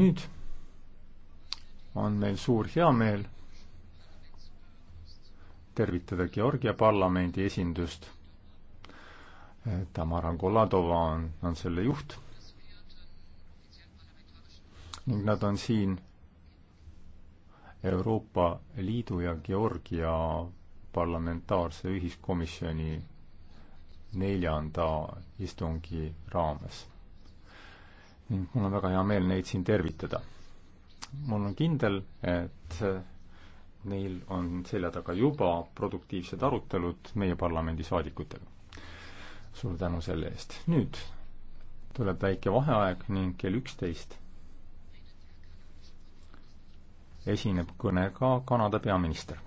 nüüd on meil suur heameel tervitada Georgia parlamendi esindust. Tamara Goladova on, on selle juht ning nad on siin Euroopa Liidu ja Georgia parlamentaarse ühiskomisjoni neljanda istungi raames ning mul on väga hea meel neid siin tervitada. mul on kindel, et neil on selja taga juba produktiivsed arutelud meie parlamendisaadikutega. suur tänu selle eest. nüüd tuleb väike vaheaeg ning kell üksteist esineb kõnega Kanada peaminister